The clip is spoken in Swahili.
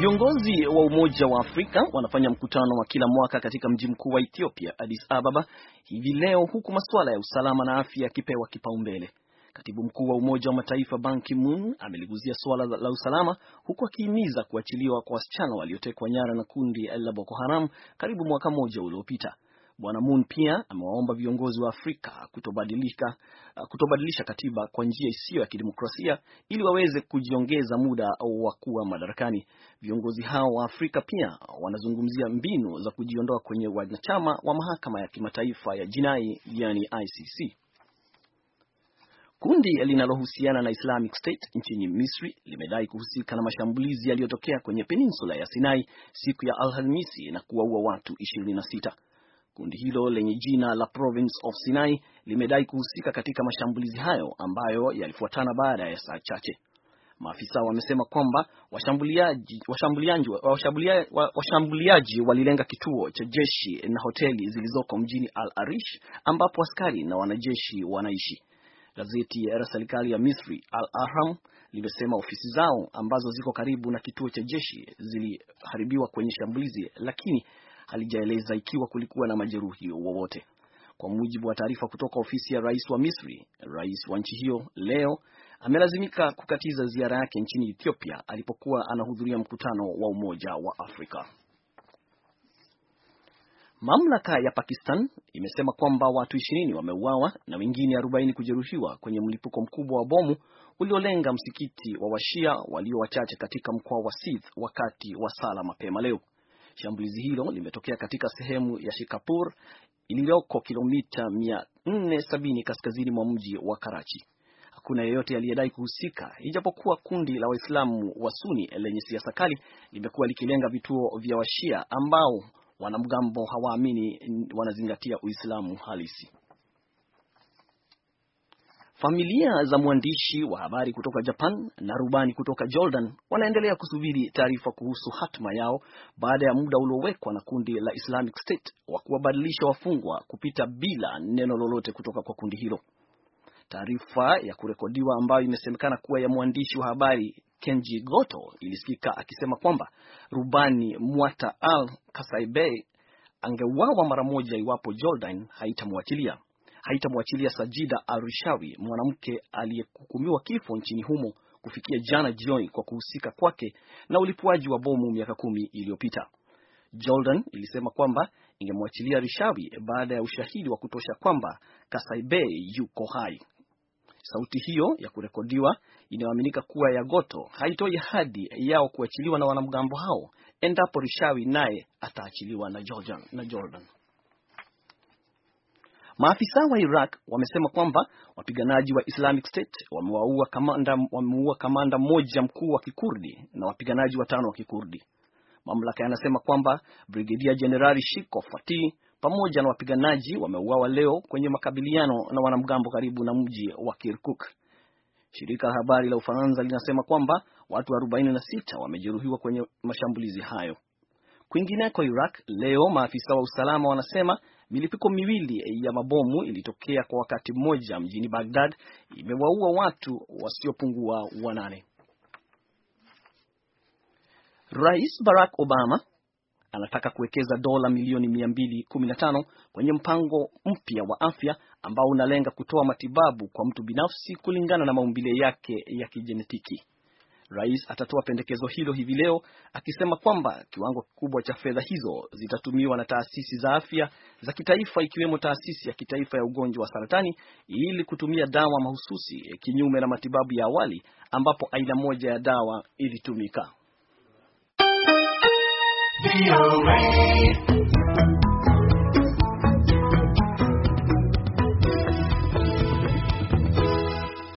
Viongozi wa Umoja wa Afrika wanafanya mkutano wa kila mwaka katika mji mkuu wa Ethiopia, Addis Ababa, hivi leo, huku masuala ya usalama na afya yakipewa kipaumbele. Katibu mkuu wa Umoja wa Mataifa Ban Ki-moon ameliguzia suala la usalama huku akihimiza kuachiliwa kwa wasichana waliotekwa nyara na kundi la Boko Haram karibu mwaka mmoja uliopita. Bwana Moon pia amewaomba viongozi wa Afrika kutobadilika, uh, kutobadilisha katiba kwa njia isiyo ya kidemokrasia ili waweze kujiongeza muda wa kuwa madarakani. Viongozi hao wa Afrika pia wanazungumzia mbinu za kujiondoa kwenye wanachama wa mahakama ya kimataifa ya jinai yani ICC. Kundi linalohusiana na Islamic State nchini Misri limedai kuhusika na mashambulizi yaliyotokea kwenye peninsula ya Sinai siku ya Alhamisi na kuwaua watu sita. Kundi hilo lenye jina la Province of Sinai limedai kuhusika katika mashambulizi hayo ambayo yalifuatana baada ya saa chache. Maafisa wamesema kwamba washambuliaji, washambuliaji, washambuliaji walilenga kituo cha jeshi na hoteli zilizoko mjini Al Arish ambapo askari na wanajeshi wanaishi. Gazeti ya serikali ya Misri Al Ahram limesema ofisi zao ambazo ziko karibu na kituo cha jeshi ziliharibiwa kwenye shambulizi, lakini halijaeleza ikiwa kulikuwa na majeruhi wowote. Kwa mujibu wa taarifa kutoka ofisi ya rais wa Misri, rais wa nchi hiyo leo amelazimika kukatiza ziara yake nchini Ethiopia alipokuwa anahudhuria mkutano wa Umoja wa Afrika. Mamlaka ya Pakistan imesema kwamba watu ishirini wameuawa na wengine arobaini kujeruhiwa kwenye mlipuko mkubwa wa bomu uliolenga msikiti wa Washia walio wachache katika mkoa wa Sindh wakati wa sala mapema leo. Shambulizi hilo limetokea katika sehemu ya Shikapur iliyoko kilomita 470 kaskazini mwa mji wa Karachi. Hakuna yeyote aliyedai kuhusika, ijapokuwa kundi la Waislamu wa Suni lenye siasa kali limekuwa likilenga vituo vya Washia ambao wanamgambo hawaamini wanazingatia Uislamu halisi. Familia za mwandishi wa habari kutoka Japan na rubani kutoka Jordan wanaendelea kusubiri taarifa kuhusu hatima yao baada ya muda uliowekwa na kundi la Islamic State wa kuwabadilisha wafungwa kupita bila neno lolote kutoka kwa kundi hilo. Taarifa ya kurekodiwa ambayo imesemekana kuwa ya mwandishi wa habari Kenji Goto ilisikika akisema kwamba rubani Mwata Al Kasaibey angeuawa mara moja iwapo Jordan haitamwachilia haitamwachilia Sajida Arushawi, mwanamke aliyehukumiwa kifo nchini humo kufikia jana jioni kwa kuhusika kwake na ulipuaji wa bomu miaka kumi iliyopita. Jordan ilisema kwamba ingemwachilia Rishawi baada ya ushahidi wa kutosha kwamba Kasaibe yuko hai. Sauti hiyo ya kurekodiwa inayoaminika kuwa ya Goto haitoi hadi yao kuachiliwa na wanamgambo hao endapo Rishawi naye ataachiliwa na Jordan. Na Jordan. Maafisa wa Iraq wamesema kwamba wapiganaji wa Islamic State wamewaua kamanda, wameua kamanda mmoja mkuu wa Kikurdi na wapiganaji watano wa Kikurdi. Mamlaka yanasema kwamba Brigedia Jenerali Shiko Fati pamoja na wapiganaji wameuawa leo kwenye makabiliano na wanamgambo karibu na mji wa Kirkuk. Shirika la habari la Ufaransa linasema kwamba watu 46 wamejeruhiwa kwenye mashambulizi hayo. Kwingineko Iraq leo, maafisa wa usalama wanasema Milipuko miwili ya mabomu ilitokea kwa wakati mmoja mjini Baghdad, imewaua watu wasiopungua wanane. Rais Barack Obama anataka kuwekeza dola milioni 215 kwenye mpango mpya wa afya ambao unalenga kutoa matibabu kwa mtu binafsi kulingana na maumbile yake ya kijenetiki. Rais atatoa pendekezo hilo hivi leo akisema kwamba kiwango kikubwa cha fedha hizo zitatumiwa na taasisi za afya za kitaifa ikiwemo taasisi ya kitaifa ya ugonjwa wa saratani ili kutumia dawa mahususi kinyume na matibabu ya awali ambapo aina moja ya dawa ilitumika.